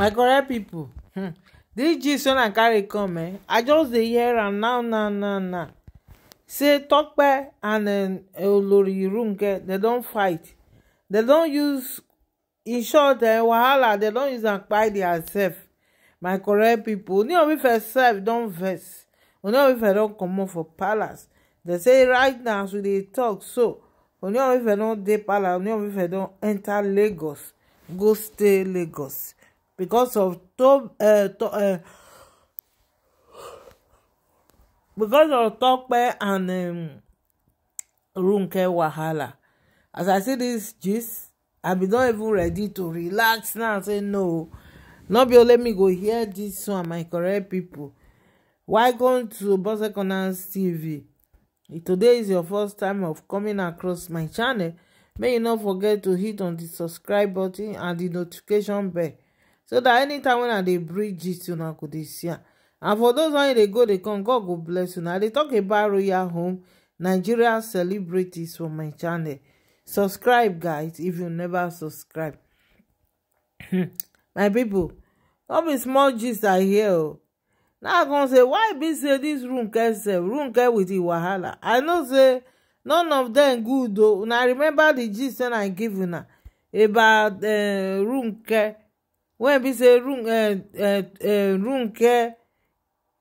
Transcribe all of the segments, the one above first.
my correct people, um hmm, dis gist wey i carry come eh i just dey hear am now now now now say tope and um, olori irunke dem don fight dem don use in short eh wahala dem don use am kpai diasef my correct pipo oni of ife sef don vex oni of ife don comot for palace dem say right now as we dey talk so oni of ife don dey palace oni of ife don enter lagos go stay lagos because of to, uh, to, uh, because of Tope and um, Runke wahala as I see this gist I be not even ready to relax now say no no be let me go hear this one my correct people Why welcome to Bose Corners TV if today is your first time of coming across my channel May you not forget to hit on the subscribe button and the notification bell so dat anytime when i dey bring gist una go dey see am and for those one dey go dey come god go bless una i dey talk about royal home nigeria celebrities for my channel subscribe guys if you never subscribe my pipo no be small gist i hear o oh. now i con say why be say dis runke sef runke wit di wahala i know say none of dem good o oh. na remember di gist wey i give una about eh, runke wey be say runke eh, eh, eh,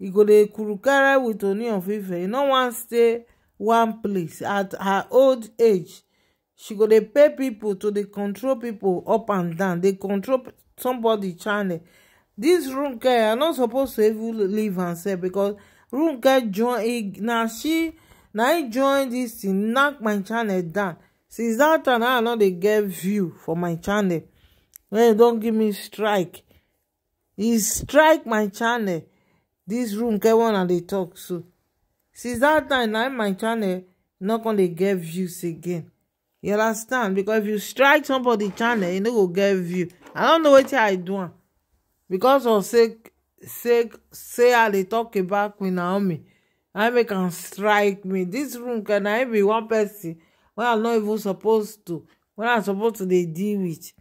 e go dey kurukere with oni of ife e no wan stay one place at her old age she go dey pay people to dey control people up and down dey control somebody channel This dis runke i no suppose to even leave am sef becos runke join e, na she na he join this thing knock my channel down since that time i no dey get view for my channel When you don't give me strike. He strike my channel. This room get one and they talk so. Since that time, now my channel not gonna get views again. You understand? Because if you strike somebody channel, you no go get view. I don't know wetin I do. Because of sake sake say how they talk about Queen Naomi. I make am strike me. This room can I be one person When I'm not even supposed to, When I'm supposed to they deal with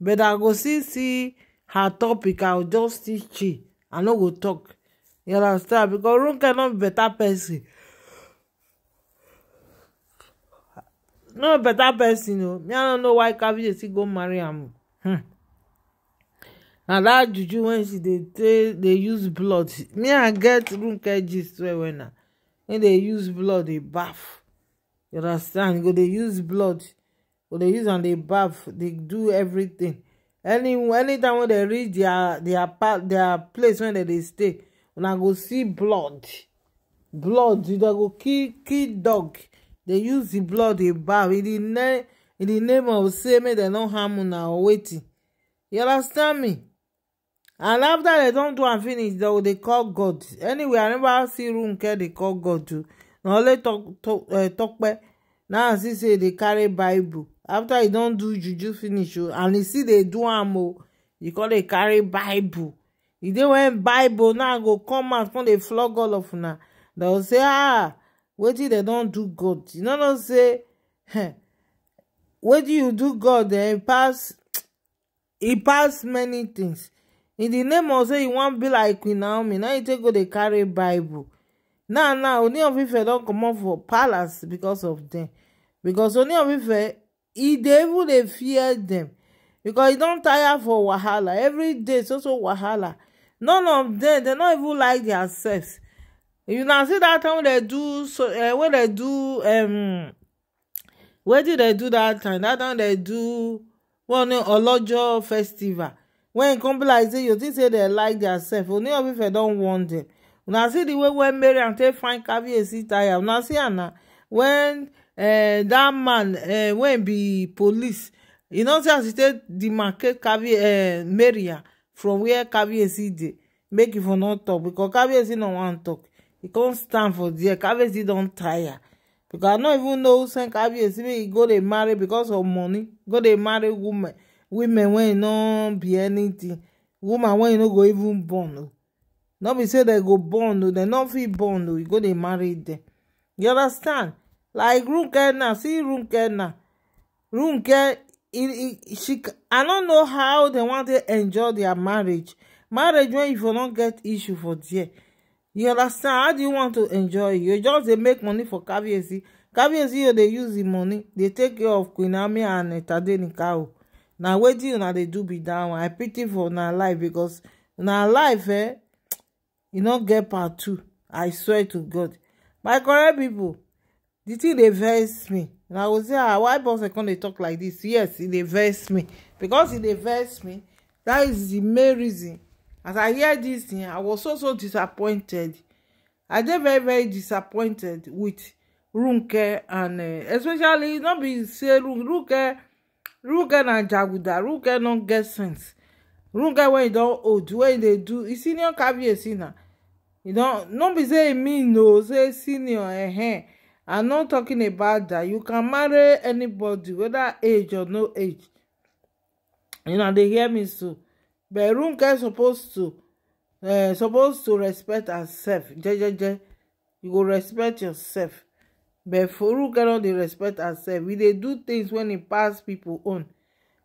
but i go still see her topic i go just still chill i no go talk you understand because ronke no be better person no be better person o me i no know why kabiyesi still go marry am hmm. na that juju when she dey take dey use blood me i get ronke gist well well na im dey use blood dey baff you understand you go dey use blood go dey use and they baff They do everything any anytime when they reach their their part their place where they dey stay una go see blood blood you go kill kill dog They use the blood They baff in the name in the name of say they don't harm una or wetin you understand me and after they don't do and finish dem go call god anyway i never see room care they call god Now o talk only talk. Eh, na i see say e carry bible after e don do juju finish o and e still dey do am o e con dey carry bible e dey when bible now go come out come dey flog all of una dem say ah wetin dem don do god you no know say wetin you do god dem eh, e pass e pass many things in the name of say e wan be like queen naomi now you take go dey carry bible now now oni of ife don comot for palace because of dem because oni of ife He dey even dey fear dem because e don tire for wahala every day so so wahala none of dem dem no even like diasefs you na see that time wey dem do so eh, wey dem do um wetin dem do that time That time dem do one olojo festival wen e come be like say you think say dem like diasef oni of ife don warn dem una see the way wey mariam take find caviar tire una see am na wen dat eh, man eh, wey be police e know say as e take demarcate eh, maria from wia si dey make e for not tok becos si no wan tok e con stand for there si don tire becos i no even know who send caviarcy make e go dey marry becos of money go dey marry women women wey e no be anytin woman wey e no go even born o oh. no be say dem go born o oh. dem no fit born o oh. e go dey marry dem you understand like runke now see runke now runke she i no know how dem wan dey enjoy dia marriage marriage wey you for no get issue for there you understand how do you want to enjoy you just dey make money for caviarcy caviarcy e. e, you dey use di money dey take care of queen ami and o na wetin una dey do be dat one i pity for una life becos una life eh e no get part two i swear to god my correct pipo the thing dey vex me and i go say ah why boss come dey talk like this yes e dey vex me because e dey vex me that is the main reason as i hear this thing i was so so disappointed i dey very very disappointed with runke and uh, especially e no be say runke runke na jaguda runke no get sense runke wey e don old wey e dey do e senior kabiyesi na e don no be say e mean o say senior ehn. Eh, eh i'm not talking about that you can marry anybody whether age or no age you know they hear me so but Ronke supposed to uh, eh, suppose to respect herself jejeje you go respect yourself but Ronke no dey respect herself we they do things when e pass people on.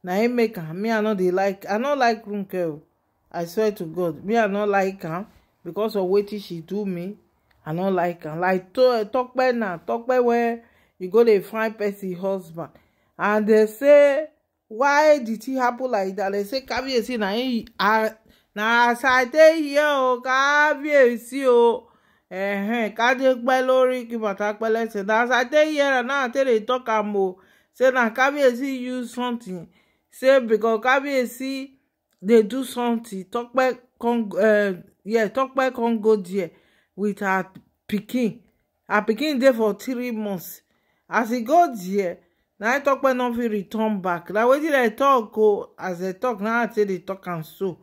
Now he make her. me i no dey like i no like Ronke oh. i swear to God me i no like her because of wetin she do me i don't like am like talk now, talk tope wey you go dey find pesin husband and they say why did tin happen like dat They say caviarcy na him na as i dey here o caviarcy o ehem kade pẹ lórí kí talk pẹ lẹsẹ na as i dey here na i tell dey talk am o oh. say na caviarcy use something say because caviarcy they do something tope con uh, yeah tope con go there wit her pikin her pikin dey for three months as e go there na tope no fit return back na wetin dem talk o as dem talk na i say dey talk am so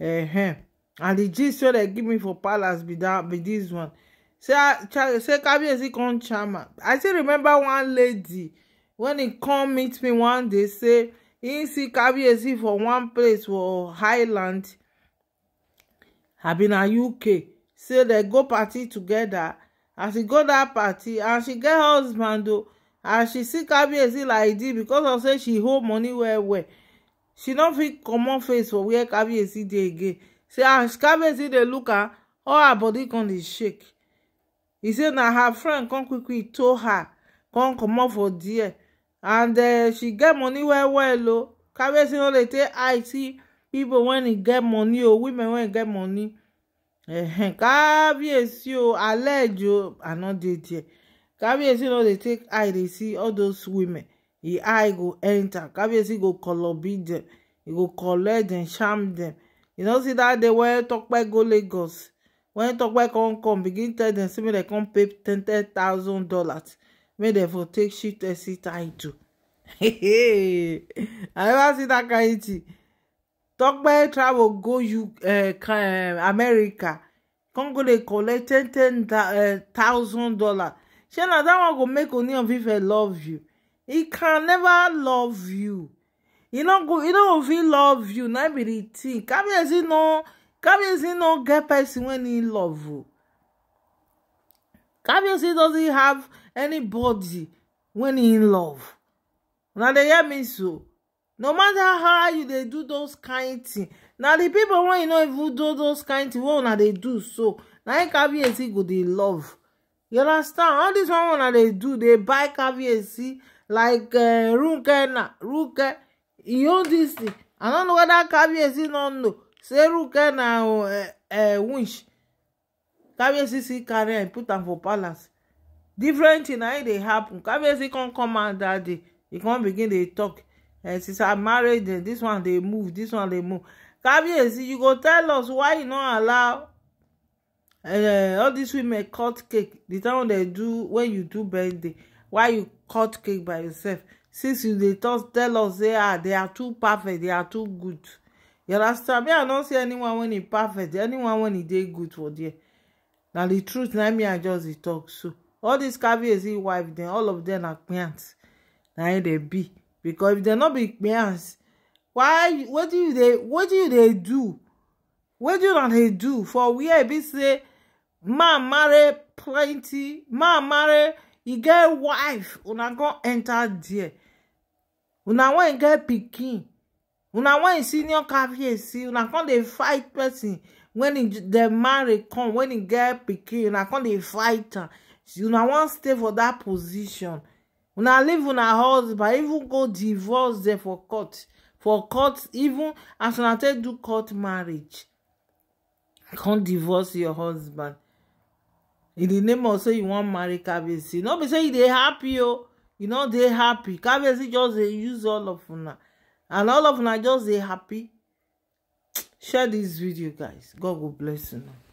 ehem and the gist wey dem give me for palace be that be this one say ah, say, say, kabiyesi come charm am i still remember one lady when he come meet me one day say he see kabiyesi for one place for highland abi na uk say they go party together. as she go that party and she get husband o as she see kabiyesi like this because of say she hold money well well she no fit comot face for where kabiyesi dey again say as kabiyesi dey look at all her body come dey shake He say now her friend come quickly, told her come comot for there and uh, she get money well well o kabiyesi no dey take eye see pipo wen e get money or women when e get money kábíyèsí o àlejò àná dey there kábíyèsí no dey take eye dey see all those women e eye go enter kábíyèsí go kọlọbi dem e go collect dem charm dem you know see dat day wen Tope go Lagos wen Tope come come begin tell dem say make dem come pay ten ten thousand dollars make dem for take shift title i never see that kain thing Tokpe travel go you uh, eh, eh, America come go dey collect ten ten eh, thousand dollars. shey na dat one go make Ooni of Ife love you e can never love you e no go e no go fit love you na be the thing Kabiyesi no Kabiyesi no get person wey e love o Kabiyesi doesn't have anybody wey e love una dey hear me so no matter how you dey do those kind thing na the people wey you no even do those kind thing wey una dey do so na im kabiyesi go dey love you understand all this one una dey do dey buy kabiyesi like uh, eh, runke na runke e own this thing i no know whether kabiyesi no know say runke na uh, eh, uh, eh, winch kabiyesi still carry am put am for palace different thing na im dey happen kabiyesi come come out that day He come begin dey talk and since i married dem eh, this one they move this one they move kabiyesi you go tell us why you not allow uh, all these women cut cake the time they do when you do birthday why you cut cake by yourself since you dey talk tell us say ah they are too perfect they are too good you understand me i don't see anyone when e perfect anyone when he did good for there Now the truth na me i just talk so all these kabiyesi wife then all of them are plant Now im dey be because if dem not be parents why What do you What do they do? you don they do for we have been say man marry plenty man marry e get wife una go enter there una to get pikin una wen senior caviar see una come dey fight person wen dem marry come when he get pikin una come dey fight am una to stay for that position una leave una husband even go divorce dem for court for court even as una take do court marriage come divorce your husband in the name of say you wan marry kabiyesi no be say you dey happy o oh. you no dey happy kabiyesi just dey use all of una and all of una just dey happy share this video guys god go bless una.